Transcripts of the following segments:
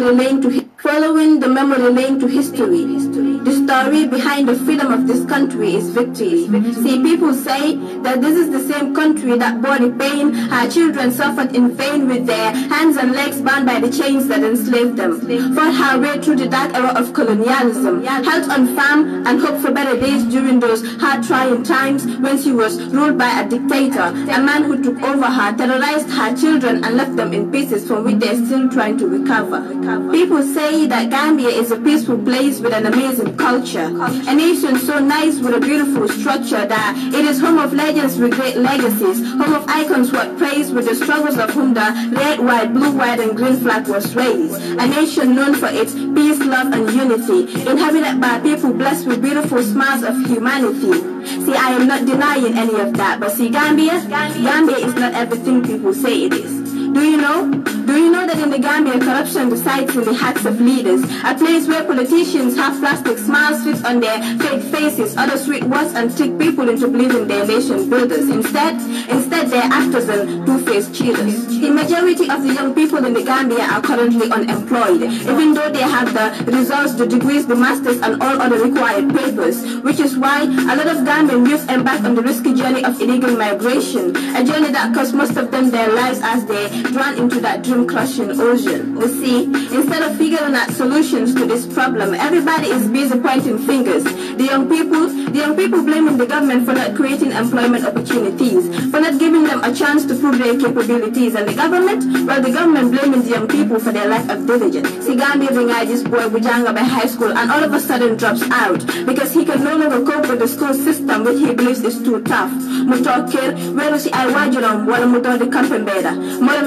to following the memory lane to history. The story behind the freedom of this country is victory. See, people say that this is the same country that bore the pain our children suffered in vain with their hands and legs bound by the chains that enslaved them. Fought our way through the dark era of colonialism, held on farm and hoped for better days during those hard trying times when she was ruled by a dictator, a man who took over her, terrorized her children and left them in pieces from which they are still trying to recover. People say that Gambia is a peaceful place with an amazing culture. A nation so nice with a beautiful structure that it is home of legends with great legacies, home of icons what praise with the struggles of whom the red, white, blue, white and green flag was raised. A nation known for its peace, love and unity, inhabited by people blessed with beautiful smiles of humanity. See, I am not denying any of that, but see Gambia, Gambia is not everything people say it is. Do you know? Do you know that in the Gambia, corruption resides in the hearts of leaders? A place where politicians have plastic smiles fixed on their fake faces, other sweet words, and trick people into believing they're nation builders. Instead, instead they're actors and two-faced cheaters. The majority of the young people in the Gambia are currently unemployed, even though they have the results, the degrees, the masters, and all other required papers. Which is why a lot of Gambian youth embark on the risky journey of illegal migration, a journey that costs most of them their lives as they ran into that dream crushing ocean. You see, instead of figuring out solutions to this problem, everybody is busy pointing fingers. The young people, the young people blaming the government for not creating employment opportunities, for not giving them a chance to prove their capabilities, and the government, well, the government blaming the young people for their lack of diligence. See, Sigami Ringai, this boy, Bujanga by high school, and all of a sudden drops out because he can no longer cope with the school system, which he believes is too tough. Mutokir, where is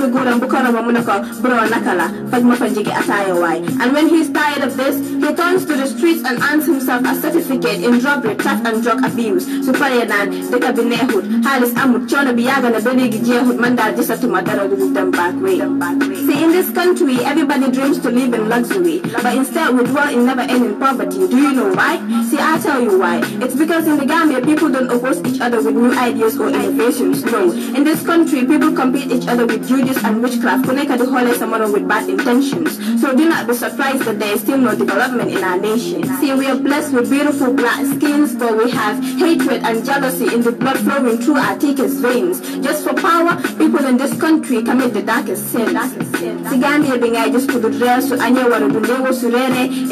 every and bukara mamunaka bro nakala panjiki ataya And when he's tired of this, he turns to the streets and earns himself a certificate in robbery, theft and drug abuse. Supaya nan deka binehud halis amut chono biyaga na beligi jehud mandar jisa to madara dugu them back way. See in this country, everybody dreams to live in luxury, but instead we dwell in never-ending poverty. Do you know why? See, I tell you why. It's because in the Gambia, people don't oppose each other with new ideas or innovations. No, in this country, people compete each other with Judy abuse and witchcraft connected the whole someone with bad intentions. So do not be surprised that there is still no development in our nation. See, we are blessed with beautiful black skins, but we have hatred and jealousy in the blood flowing through our thickest veins. Just for power, people in this country commit the darkest sin. to the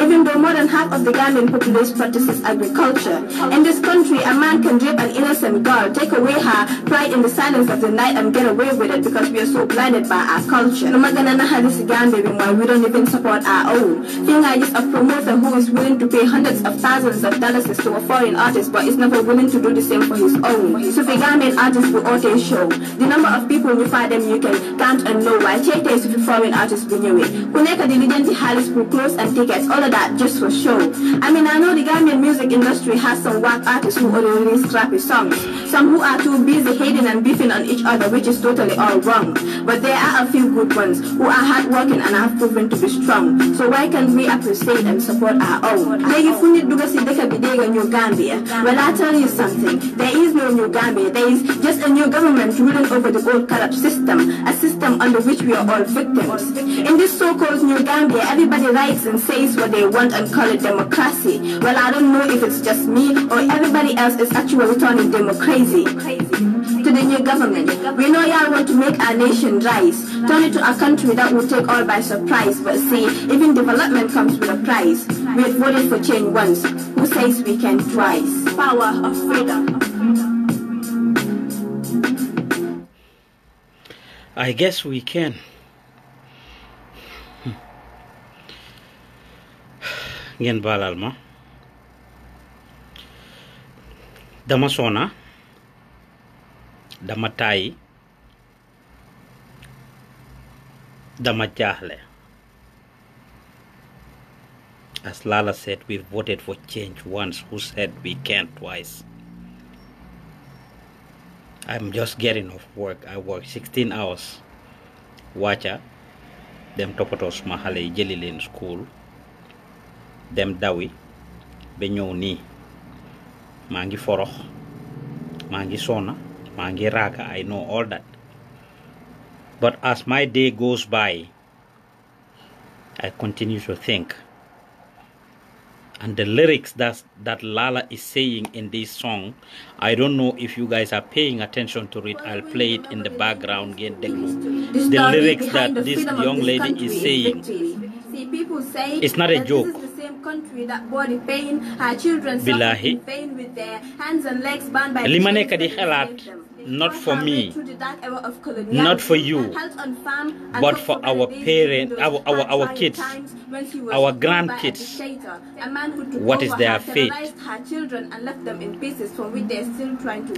even though more than half of the Gambian populace practices agriculture. In this country, a man can rape an innocent girl, take away her pride in the silence of the night and get away with it because we are so blind blinded by our culture. No matter how this again, why we don't even support our own. Thing I just a promoter who is willing to pay hundreds of thousands of dollars to a foreign artist, but is never willing to do the same for his own. So the Ghanaian artists will all show. The number of people who find them you can count and know why check days with foreign artists when you Kuneka diligently highly school clothes and tickets, all of that just for show. I mean I know the Ghanaian music industry has some whack artists who only release crappy songs. Some who are too busy hating and beefing on each other, which is totally all wrong. But there are a few good ones who are hardworking and have proven to be strong. So why can't we appreciate and support our own? Degifuni Dugasi Deka Bidega New Gambia. Well, I tell you something. There is no New Gambia. There is just a new government ruling over the old corrupt system, a system under which we are all victims. In this so-called New Gambia, everybody writes and says what they want and call it democracy. Well, I don't know if it's just me or everybody else is actually turning democracy. Crazy the new government. We know y'all want to make our nation rise, turn it to a country that will take all by surprise. But see, even development comes with a price. We have voted for change once. Who says we can twice? Power of freedom. I guess we can. ngeen baalal ma dama tay dama jaaxle as Lala said we voted for change once who said we can twice I'm just getting off work I work 16 hours wacha dem topato suma xale yi jëli leen school dem dawi ba ñëw nii maa ngi forox maa ngi soona Mangiraka, I know all that. But as my day goes by, I continue to think. And the lyrics that, that Lala is saying in this song, I don't know if you guys are paying attention to it. I'll play it in the background. Get the, the lyrics that this young lady is saying. It's not a joke country that body pain, our children in pain with their hands and legs bound by not for me, not for you, but for our parents, our, our, our kids our grandkids what is their fate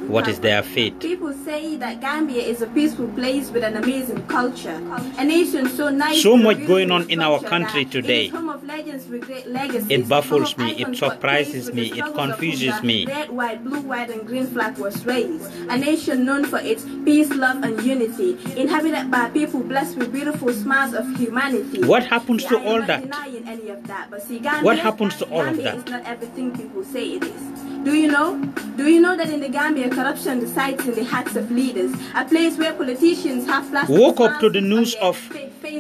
what is their fate people say that gambia is a peaceful place with an amazing culture a nation so nice so much going on in our country today it baffles me it surprises me it confuses me red white blue white and green flag was raised a nation known for its peace love and unity inhabited by people blessed with beautiful smiles of humanity what happens to all that denying any of that, but see, Gandhi, what happens to all Gandhi of that? It's not everything people say it is. Do you know? Do you know that in the Gambia, corruption resides in the hearts of leaders, a place where politicians have plastic Woke up to the news of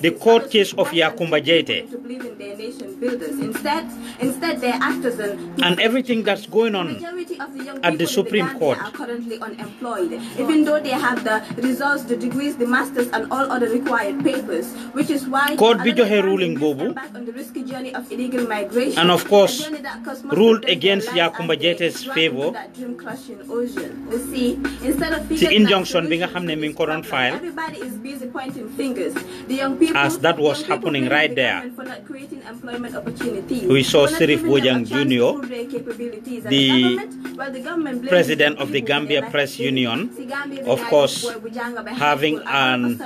the court case of Yakumba Jete. Instead, instead they're actors and, and everything that's going on the at the Supreme the Court are currently unemployed, even though they have the results, the degrees, the masters, and all other required papers, which is why Court Bijohe ruling Bobu on the risky journey of illegal migration, and of course ruled against Yakumba Jete's his favour The injunction bi nga xam ne mi ngi ko doon file as that was happening right there we saw Sirif Bojang Junior the president of the Gambia Press Union of course having an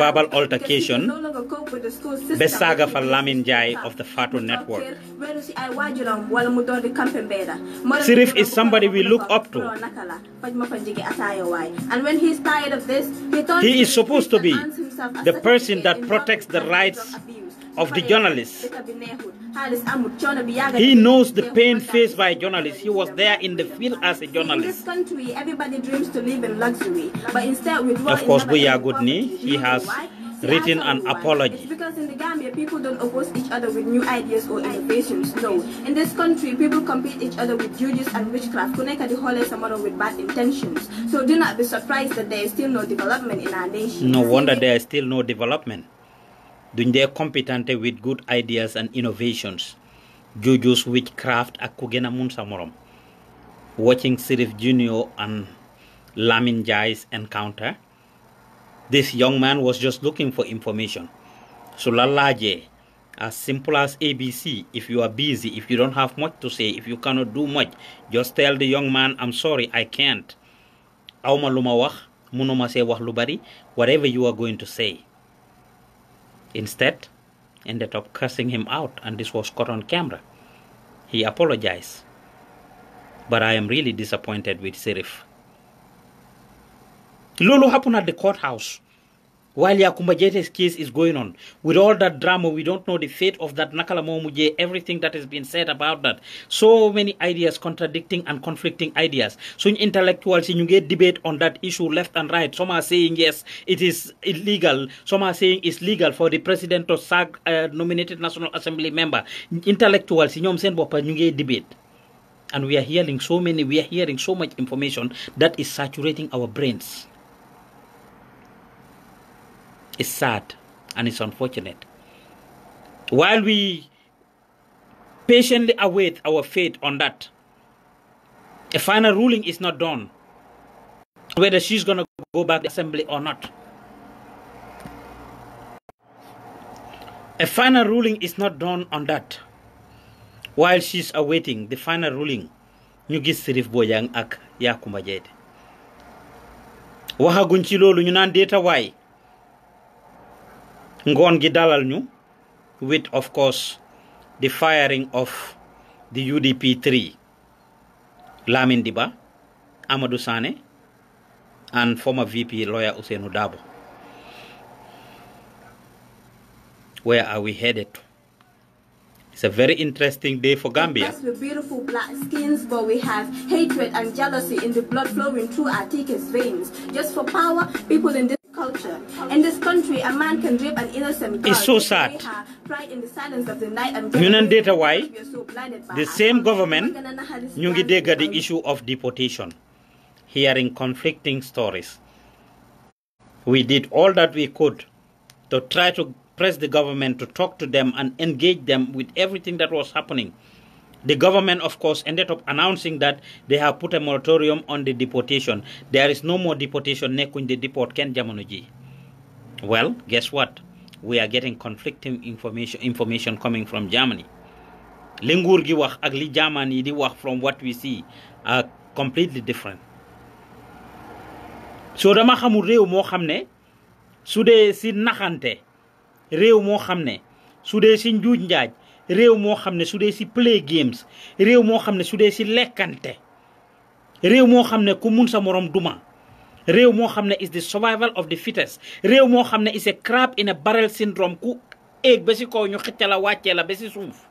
verbal altercation ba saaga fa Lamin of the Fatu Network Sheriff is somebody we look up to. And when he's tired of this, he, he is supposed to be the person that protects the rights of the journalists. He knows the pain faced by journalists. He was there in the field as a journalist. in this country, everybody dreams to live in luxury, but instead, of course, we are good. He has written an apology. It's because in the Gambia, people don't oppose each other with new ideas or innovations. No. In this country, people compete each other with jujus and witchcraft. Kuneka the whole someone with bad intentions. So do not be surprised that there is still no development in our nation. No wonder there is still no development. They are competent with good ideas and innovations. Jujus witchcraft akugena ku mun Watching Sirif Junior and Lamin Jai's encounter this young man was just looking for information. So lalaje, as simple as ABC, if you are busy, if you don't have much to say, if you cannot do much, just tell the young man, I'm sorry, I can't. Aumalumawach, luma whatever you are going to say. Instead, ended up cursing him out and this was caught on camera. He apologized. But I am really disappointed with Serif. Lolo happened at the courthouse while Yakumbajete's case is going on. With all that drama, we don't know the fate of that Nakalamomuye, everything that has been said about that. So many ideas, contradicting and conflicting ideas. So intellectuals, you get debate on that issue left and right. Some are saying, yes, it is illegal. Some are saying it's legal for the president to sack a uh, nominated National Assembly member. Intellectuals, you know what I'm saying, debate. And we are hearing so many, we are hearing It's sad and it's unfortunate. While we patiently await our fate on that, a final ruling is not done whether she's going to go back to assembly or not. A final ruling is not done on that. While she's awaiting the final ruling, ñu gis Sirif Bojang ak Yakumba Jeede waxaguñ ci loolu ngoon gi dalal with of course the firing of the UDP three Lamin Diba Amadou Sané and former VP lawyer Ousseynou Dabo where are we headed to? It's a very interesting day for Gambia. With beautiful black skins, but we have hatred and jealousy in the blood flowing through our thickest veins. Just for power, people in this culture. In this country, a man can rape an innocent girl. It's so sad. ñu neen déeta the same government ñu ngi the issue of deportation hearing conflicting stories we did all that we could to try to press the government to talk to them and engage them with everything that was happening the government, of course, ended up announcing that they have put a moratorium on the deportation. There is no more deportation. When they deport Ken Jamonoji. Well, guess what? We are getting conflicting information information coming from Germany. Lingur gi wax ak li Germany di wax from what we see are completely different. So dama xamul rew mo xamne su dee si naxante réew moo xam ne su dee si njuuj njaaj réew moo xam ne su dee si play games réew moo xam ne su dee si lekkante réew moo xam ne ku mun sa morom duma réew moo xam ne is the survival of the fittest réew moo xam ne is a crab in a barrel syndrome ku éeg ba si kaw ñu xëcca la wàccee la ba si suuf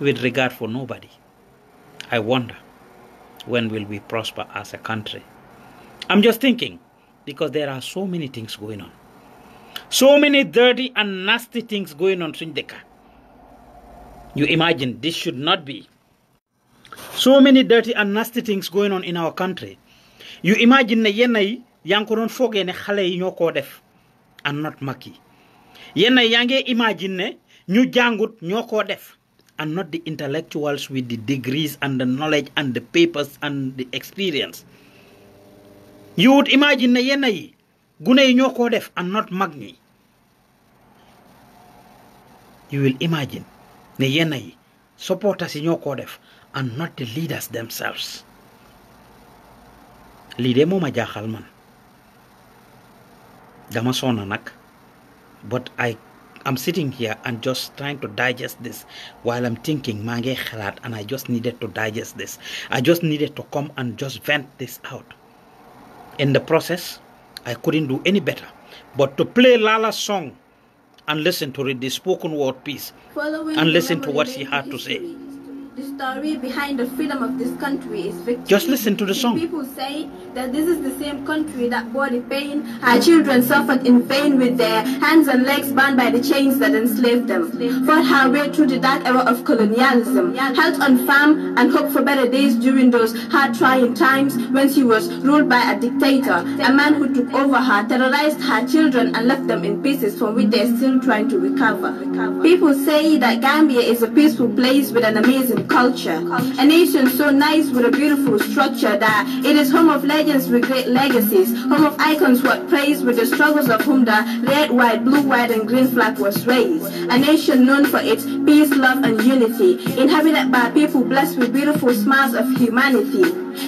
with regard for nobody I wonder when will we prosper as a country I'm just thinking because there are so many things going on so many dirty and nasty things going on in Sundeka. You imagine this should not be. So many dirty and nasty things going on in our country. You imagine na yenai yi yaa ngi ko doon ne xale yi def and not maki. Yenai yange imagine ne ñu jàngut ñoo def and not the intellectuals with the degrees and the knowledge and the papers and the experience. You would imagine na yenai gune yi ñoo koo def and not mag ñi you will imagine ne yenn yi supporters yi ñoo koo def and not the leaders themselves lii de moo ma jaaxal man dama nag but I am sitting here and just trying to digest this while I'm thinking maa ngi xalaat and I just needed to digest this I just needed to come and just vent this out in the process I couldn't do any better but to play Lala's song and listen to the spoken word piece Following and listen to what she had to say. The story behind the freedom of this country is victory. Just listen to the song. People say that this is the same country that bore the pain. Our children suffered in vain with their hands and legs bound by the chains that enslaved them. Fought our way through the dark era of colonialism. Held on farm and hoped for better days during those hard trying times when she was ruled by a dictator. A man who took over her, terrorized her children and left them in pieces from which they are still trying to recover. People say that Gambia is a peaceful place with an amazing culture. A nation so nice with a beautiful structure that it is home of legends with great legacies, home of icons what praise with the struggles of whom the red, white, blue, white, and green flag was raised. A nation known for its peace, love, and unity, inhabited by people blessed with beautiful smiles of humanity.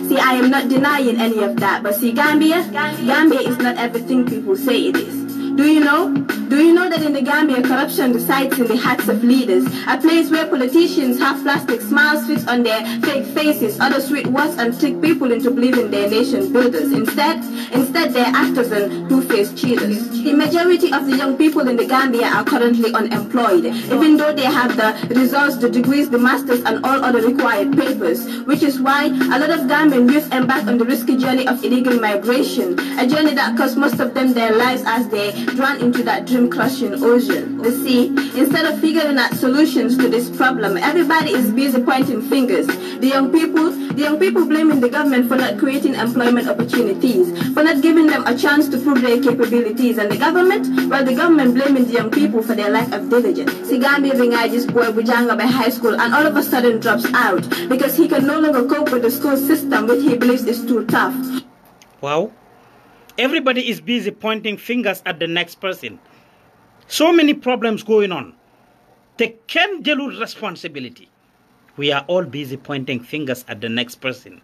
See, I am not denying any of that, but see, Gambia, Gambia is not everything people say it is. Do you know? Do you know that in the Gambia, corruption resides in the hearts of leaders? A place where politicians have plastic smiles fixed on their fake faces, other sweet words, and trick people into believing they're nation builders. Instead, instead they're actors and two-faced cheaters. The majority of the young people in the Gambia are currently unemployed, even though they have the results, the degrees, the masters, and all other required papers. Which is why a lot of Gambian youth embark on the risky journey of illegal migration, a journey that costs most of them their lives as they run into that dream Crushing Ocean. You see, instead of figuring out solutions to this problem, everybody is busy pointing fingers. The young people, the young people blaming the government for not creating employment opportunities, for not giving them a chance to prove their capabilities, and the government, well, the government blaming the young people for their lack of diligence. Sigami Ringaji's boy Bujanga by high school, and all of a sudden drops out because he can no longer cope with the school system, which he believes is too tough. Wow. Everybody is busy pointing fingers at the next person. So many problems going on. They can not with responsibility. We are all busy pointing fingers at the next person.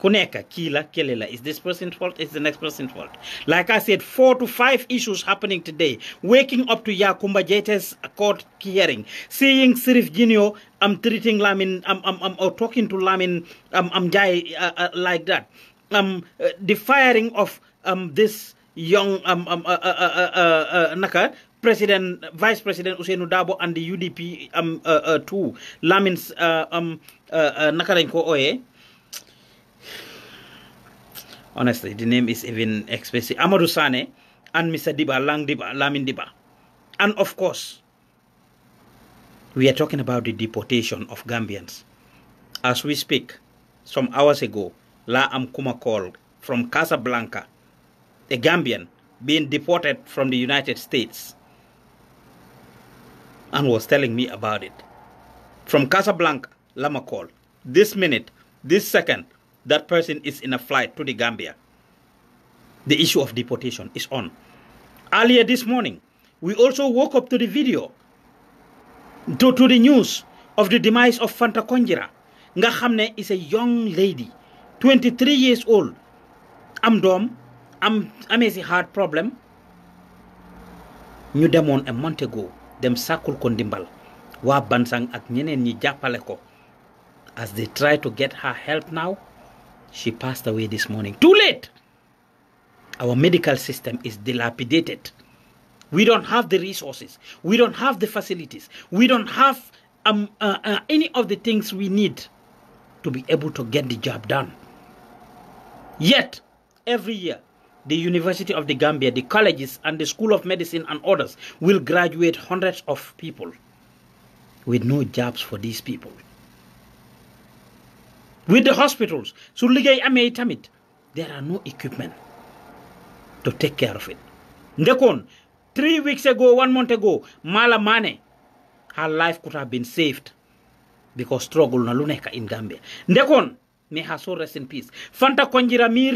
Kuneka, kila, kelela. Is this person's fault? Is the next person's fault? Like I said, four to five issues happening today. Waking up to Yakumba Jete's court hearing, seeing Sirif Ginio, I'm treating Lamin, I'm, I'm, I'm or talking to Lamin, I'm, um, I'm um, uh, uh, like that. Um, uh, the firing of um this young um um uh, uh, uh, uh, uh, uh Naka President, Vice President Usainu Dabo and the UDP um uh, uh, too. Lamins uh, um uh, uh, Honestly, the name is even expensive. Amadou Sane and Mr. Diba, Lang Diba, Lamin Diba. And of course, we are talking about the deportation of Gambians. As we speak, some hours ago, La Amkuma called from Casablanca, a Gambian being deported from the United States and was telling me about it. From Casablanca, Lama called this minute, this second, that person is in a flight to the Gambia. The issue of deportation is on. Earlier this morning, we also woke up to the video, to, to the news of the demise of Fanta Konjira. Nga is a young lady, 23 years old. I'm dumb. I'm, I'm a heart problem. New demon a month ago dem sàkkul ko ndimbal waa Bansang ak ñeneen ñi jàppale ko as they try to get her help now she passed away this morning too late our medical system is dilapidated we don't have the resources we don't have the facilities we don't have um, uh, uh, any of the things we need to be able to get the job done yet every year the University of the Gambia, the colleges, and the School of Medicine and others will graduate hundreds of people with no jobs for these people. With the hospitals, there are no equipment to take care of it. Ndekon, three weeks ago, one month ago, Malamane, her life could have been saved because struggle na luneka in Gambia. Ndekon, may her soul rest in peace. Fanta konjira mi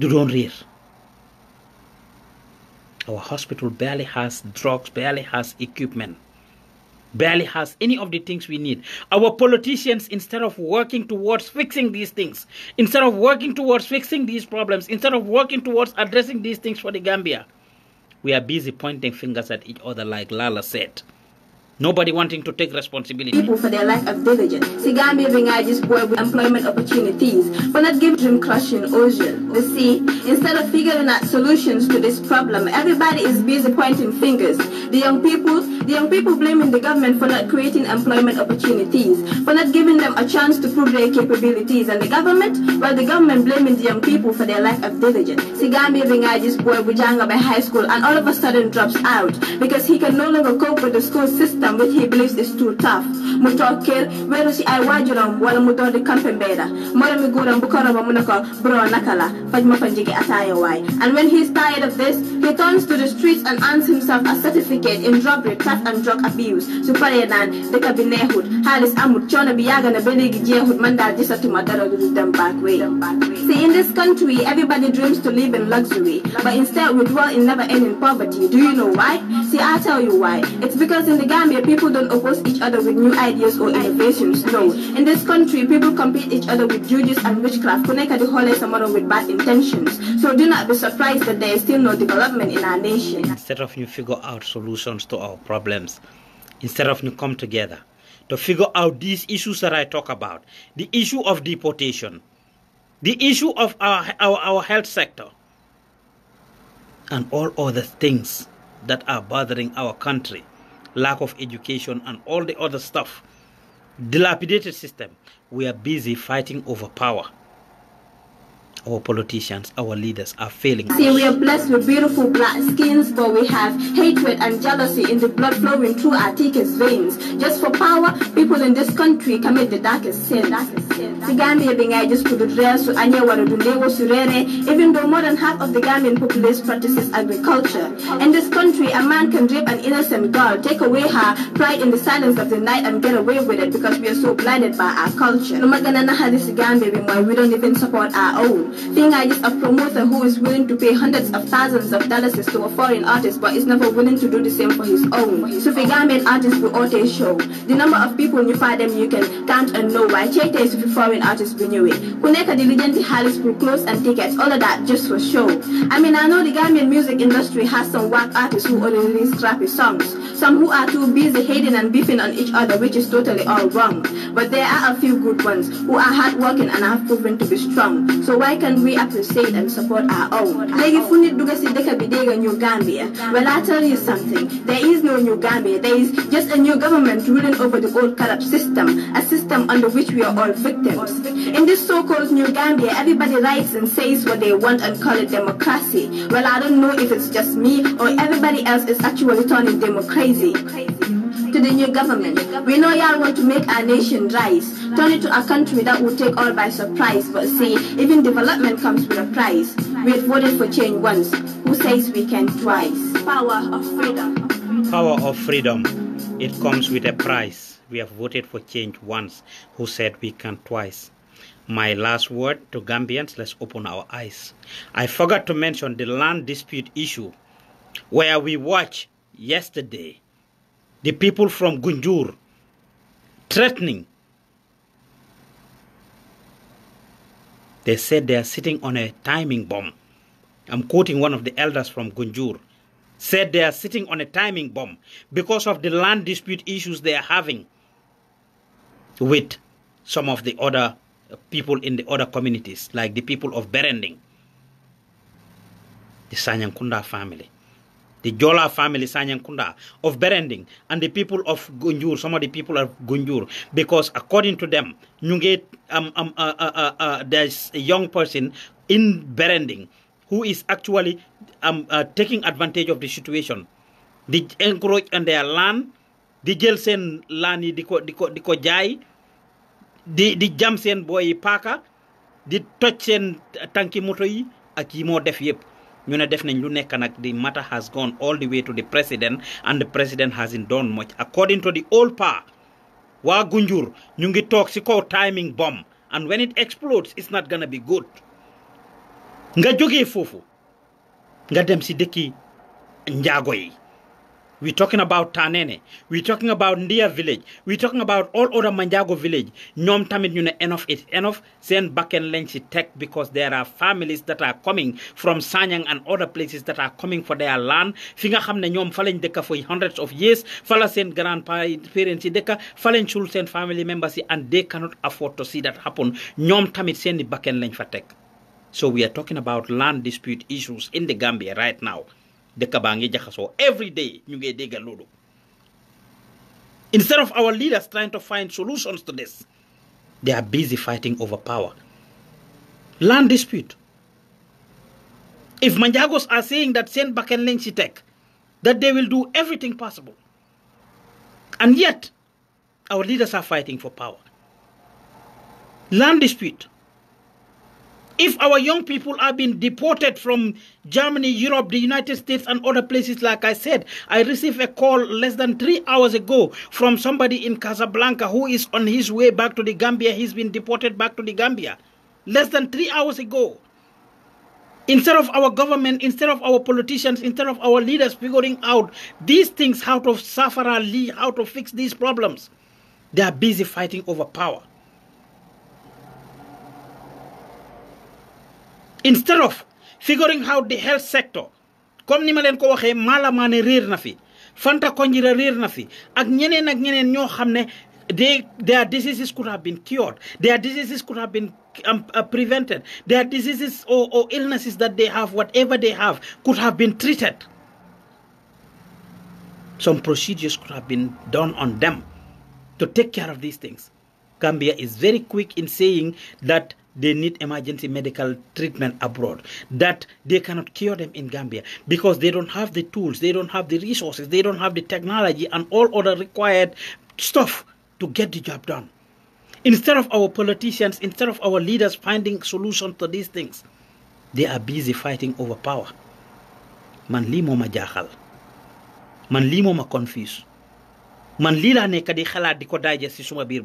don't read. Our hospital barely has drugs, barely has equipment, barely has any of the things we need. Our politicians, instead of working towards fixing these things, instead of working towards fixing these problems, instead of working towards addressing these things for the Gambia, we are busy pointing fingers at each other, like Lala said. Nobody wanting to take responsibility. People for their lack of diligence. Sigami this boy with employment opportunities, but not giving dream crushing ocean. You see, instead of figuring out solutions to this problem, everybody is busy pointing fingers. The young people, the young people blaming the government for not creating employment opportunities, for not giving them a chance to prove their capabilities, and the government, well, the government blaming the young people for their lack of diligence. Sigami this boy with Janga by high school, and all of a sudden drops out because he can no longer cope with the school system them, which he believes is too tough mu toog kër si ay waajuram wala mu doon di campé mbeeda moromi guuram bu ko mu ne bro naka faj ma ko njigi ataaya waay and when he's tired of this he turns to the streets and earns himself a certificate in robbery theft and drug abuse su paree naan dëkk bi neexut xaalis amut coono bi yàgg na ba léegi jeexut man daal gisatuma dara du dem back way see in this country everybody dreams to live in luxury but instead we dwell in never ending poverty do you know why see i tell you why it's because in the Gambia people don't oppose each other with new ideas or innovations. No. In this country, people compete each other with judges and witchcraft, connected the whole someone with bad intentions. So do not be surprised that there is still no development in our nation. Instead of you figure out solutions to our problems, instead of you come together to figure out these issues that I talk about, the issue of deportation, the issue of our, our, our health sector, and all other things that are bothering our country lack of education, and all the other stuff. Dilapidated system. We are busy fighting over power our politicians, our leaders are failing. See, we are blessed with beautiful black skins, but we have hatred and jealousy in the blood flowing through our thickest veins. Just for power, people in this country commit the darkest sin. Sigambia even though more than half of the Gambian populace practices agriculture. In this country, a man can rape an innocent girl, take away her pride in the silence of the night and get away with it because we are so blinded by our culture. No matter how this we don't even support our own. Thing I is a promoter who is willing to pay hundreds of thousands of dollars to a foreign artist but is never willing to do the same for his own. So if a Gambian artist will all show, the number of people you find them you can count and know why. Check this if a foreign artist bring you it. Kuneka diligently highlights for clothes and tickets, all of that just for show. I mean I know the Ghanaian music industry has some whack artists who only release crappy songs. Some who are too busy hating and beefing on each other which is totally all wrong. But there are a few good ones who are hardworking and have proven to be strong. So why can we appreciate and support our own? Legi funi dugasi deka bidega New Gambia. Well, I tell you something. There is no New Gambia. There is just a new government ruling over the old corrupt system, a system under which we are all victims. In this so-called New Gambia, everybody writes and says what they want and call it democracy. Well, I don't know if it's just me or everybody else is actually turning democracy to the new government. We know y'all want to make our nation rise, turn it to a country that will take all by surprise. But see, even development comes with a price. We have voted for change once. Who says we can twice? Power of freedom. Power of freedom. It comes with a price. We have voted for change once. Who said we can twice? My last word to Gambians, let's open our eyes. I forgot to mention the land dispute issue where we watched yesterday the people from Gunjur threatening. They said they are sitting on a timing bomb. I'm quoting one of the elders from Gunjur. Said they are sitting on a timing bomb because of the land dispute issues they are having with some of the other people in the other communities, like the people of Berending, the Sanyankunda family the Jola family, Sanyankunda, of Berending, and the people of Gunjur, some of the people of Gunjur, because according to them, um, um, uh, uh, uh, uh, there's a young person in Berending who is actually um, uh, taking advantage of the situation. They encroach on their land, they jail sen land, they ko, the ko, they ko jai, jam sen boy paka, they touch sen tanki motoi, aki mo def yep. ñu ne def nañ lu nekk nag di matter has gone all di way to the president and the president hasn't done much according to the old power waa Gunjur ñu ngi toog ci kaw timing bomb and when it explodes it's not gonna bi good nga jógee foofu nga dem ci dëkki njaago yi We're talking about Tanene. We're talking about Ndia village. We're talking about all other Manjago village. Nyom tamit you know enough it enough. Send back and lenchi tech because there are families that are coming from Sanyang and other places that are coming for their land. Finga hamne nyom falen deka for hundreds of years. Fala send grandparents deka. Falen children, send family members and they cannot afford to see that happen. Nyom tamit send back and lenchi for tech. So we are talking about land dispute issues in the Gambia right now. The baa ngi every day ñu get dégga loolu instead of our leaders trying to find solutions to this they are busy fighting over power land dispute if manjagos are saying that seen bakken lañ si tek, that they will do everything possible and yet our leaders are fighting for power land dispute if our young people are being deported from Germany, Europe, the United States, and other places, like I said, I received a call less than three hours ago from somebody in Casablanca who is on his way back to the Gambia. He's been deported back to the Gambia less than three hours ago. Instead of our government, instead of our politicians, instead of our leaders figuring out these things, how to suffer, how to fix these problems, they are busy fighting over power. instead of figuring out the health sector comme ni ma ko waxee na fi Fanta Konjira réer na fi ak ñeneen ak ñeneen they, their diseases could have been cured. Their diseases could have been um, uh, prevented. Their diseases or, or illnesses that they have, whatever they have, could have been treated. Some procedures could have been done on them to take care of these things. Gambia is very quick in saying that they need emergency medical treatment abroad that they cannot cure them in Gambia because they don't have the tools, they don't have the resources, they don't have the technology and all other required stuff to get the job done. Instead of our politicians, instead of our leaders finding solutions to these things, they are busy fighting over power. Man limo ma jahal, man limo ma confuse man lii laa nekk di di ko digest ci suma biir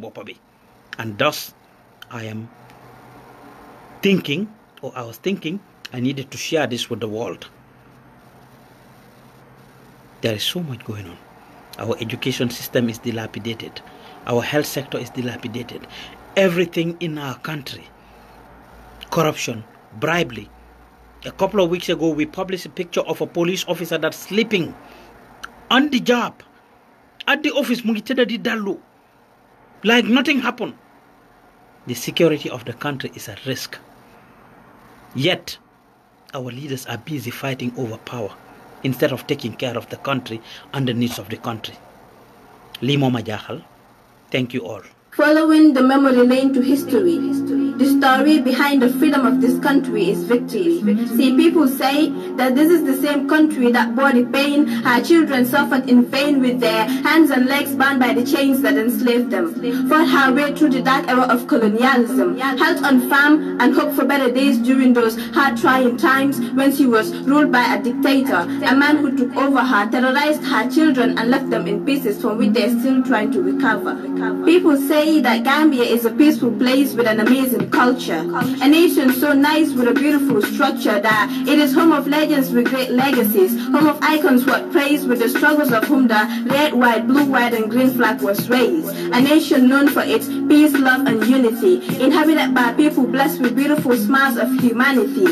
and thus I am thinking, or I was thinking, I needed to share this with the world. There is so much going on. Our education system is dilapidated, our health sector is dilapidated. Everything in our country corruption, bribery. A couple of weeks ago, we published a picture of a police officer that's sleeping on the job at the office Mugitada Didalu. Like nothing happened. The security of the country is at risk. Yet, our leaders are busy fighting over power instead of taking care of the country and the needs of the country. Limo Majahal, thank you all. Following the memory lane to history. The story behind the freedom of this country is victory. See, people say that this is the same country that bore the pain her children suffered in vain with their hands and legs bound by the chains that enslaved them, fought her way through the dark era of colonialism, held on farm and hoped for better days during those hard trying times when she was ruled by a dictator, a man who took over her, terrorized her children and left them in pieces from which they're still trying to recover. People say that Gambia is a peaceful place with an amazing culture. A nation so nice with a beautiful structure that it is home of legends with great legacies, home of icons what praise with the struggles of whom the red, white, blue, white, and green flag was raised. A nation known for its peace, love, and unity, inhabited by people blessed with beautiful smiles of humanity.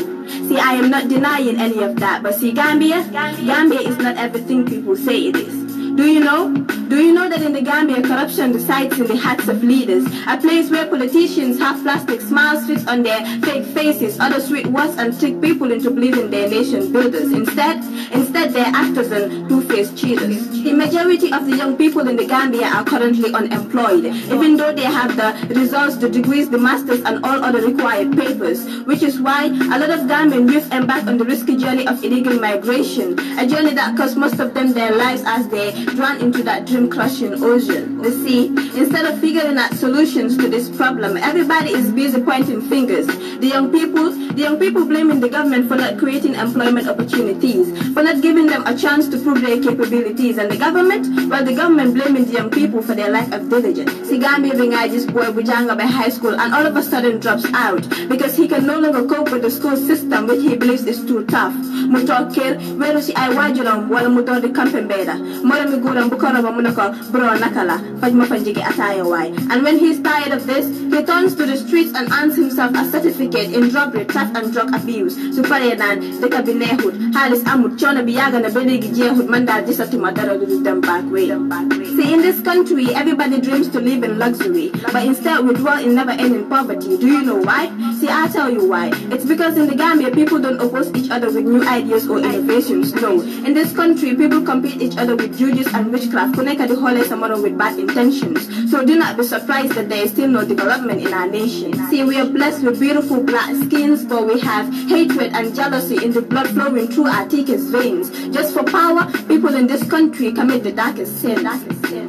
See, I am not denying any of that, but see, Gambia, Gambia is not everything people say it is. Do you know? Do you know that in the Gambia, corruption resides in the hearts of leaders? A place where politicians have plastic smiles fixed on their fake faces, other sweet words, and trick people into believing they're nation builders. Instead, instead they're actors and two-faced cheaters. The majority of the young people in the Gambia are currently unemployed, even though they have the results, the degrees, the masters, and all other required papers. Which is why a lot of Gambian youth embark on the risky journey of illegal migration, a journey that costs most of them their lives as they run into that dream crushing ocean. You see, instead of figuring out solutions to this problem, everybody is busy pointing fingers. The young people, the young people blaming the government for not creating employment opportunities, for not giving them a chance to prove their capabilities. And the government, well, the government blaming the young people for their lack of diligence. Sigami Vingai, this boy, Bujanga by high school, and all of a sudden drops out because he can no longer cope with the school system, which he believes is too tough. Mutokir, where is I wala mutodi kampembeda. Mora bukara ba munako bro nakala fajma ataya And when he's tired of this, he turns to the streets and earns himself a certificate in robbery, theft and drug abuse. Supare nan deka binehud, halis amut chona biyaga na bedigi jehud manda disa to madara do them back way. See in this country, everybody dreams to live in luxury, but instead we dwell in never-ending poverty. Do you know why? See, I tell you why. It's because in the Gambia, people don't oppose each other with new ideas or innovations. No, in this country, people compete each other with juju magic and witchcraft connected the Holy Samoro with bad intentions. So do not be surprised that there is still no development in our nation. See, we are blessed with beautiful black skins, but we have hatred and jealousy in the blood flowing through our thickest veins. Just for power, people in this country commit the darkest sin.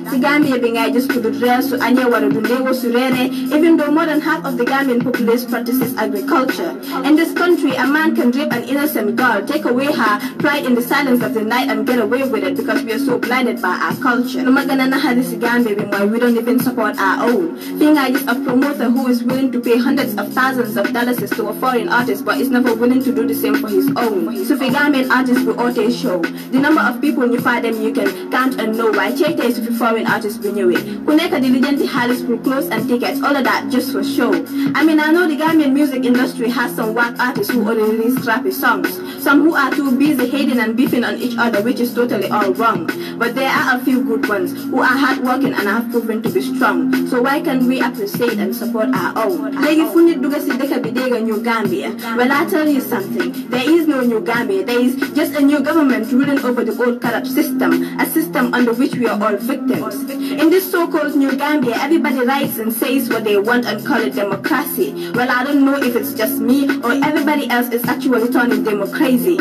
Sigami being I just could address to Anya Surere, even though more than half of the Gambian populace practices agriculture. In this country, a man can rape an innocent girl, take away her pride in the silence of the night and get away with it because we are so blind blinded by our culture. No magana na hadisi baby boy, we don't even support our own. Being I just a promoter who is willing to pay hundreds of thousands of dollars to a foreign artist but is never willing to do the same for his own. So if a Gambian artist will all show, the number of people you find them you can count and know why check days if foreign artist bring you it. Kuneka diligently hires for clothes and tickets, all of that just for show. I mean I know the Gambian music industry has some whack artists who only release crappy songs. Some who are too busy hating and beefing on each other, which is totally all wrong. But but there are a few good ones who are hardworking and have proven to be strong. So why can not we appreciate and support our own? Legi fundi duga si deka bidega New Gambia. Well, I tell you something. There is no New Gambia. There is just a new government ruling over the old corrupt system, a system under which we are all victims. In this so-called New Gambia, everybody writes and says what they want and call it democracy. Well, I don't know if it's just me or everybody else is actually turning democracy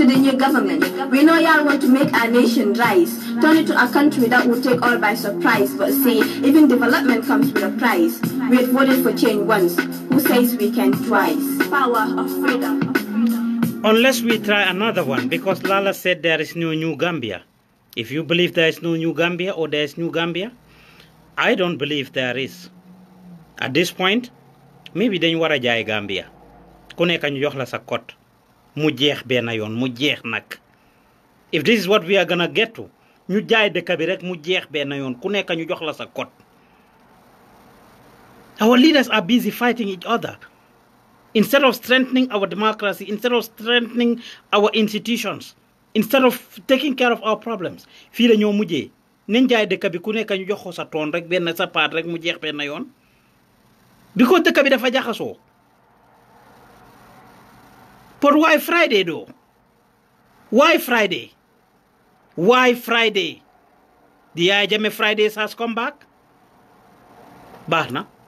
to the new government. We know y'all want to make our nation rise, turn it to a country that will take all by surprise. But see, even development comes with a price. We voted for change once. Who says we can twice? Power of freedom. Unless we try another one, because Lala said there is no New Gambia. If you believe there is no New Gambia or there is New Gambia, I don't believe there is. At this point, maybe you war a Gambia Kone nekk yohla sa mu jeex benn yoon mu jeex nag if this is what we are gonna get to ñu jaay dëkk bi rek mu jeex benn yoon ku nekk ñu jox la sa our leaders are busy fighting each other instead of strengthening our democracy instead of strengthening our institutions instead of taking care of our problems fii la ñoo mujjee nañ jaay dëkk bi ku nekk ñu jox ko sa toon rek benn sa paat rek mu jeex benn yoon because bi dafa jaxasoo But why Friday though? Why Friday? Why Friday? The Ajame Fridays has come back? Bahna.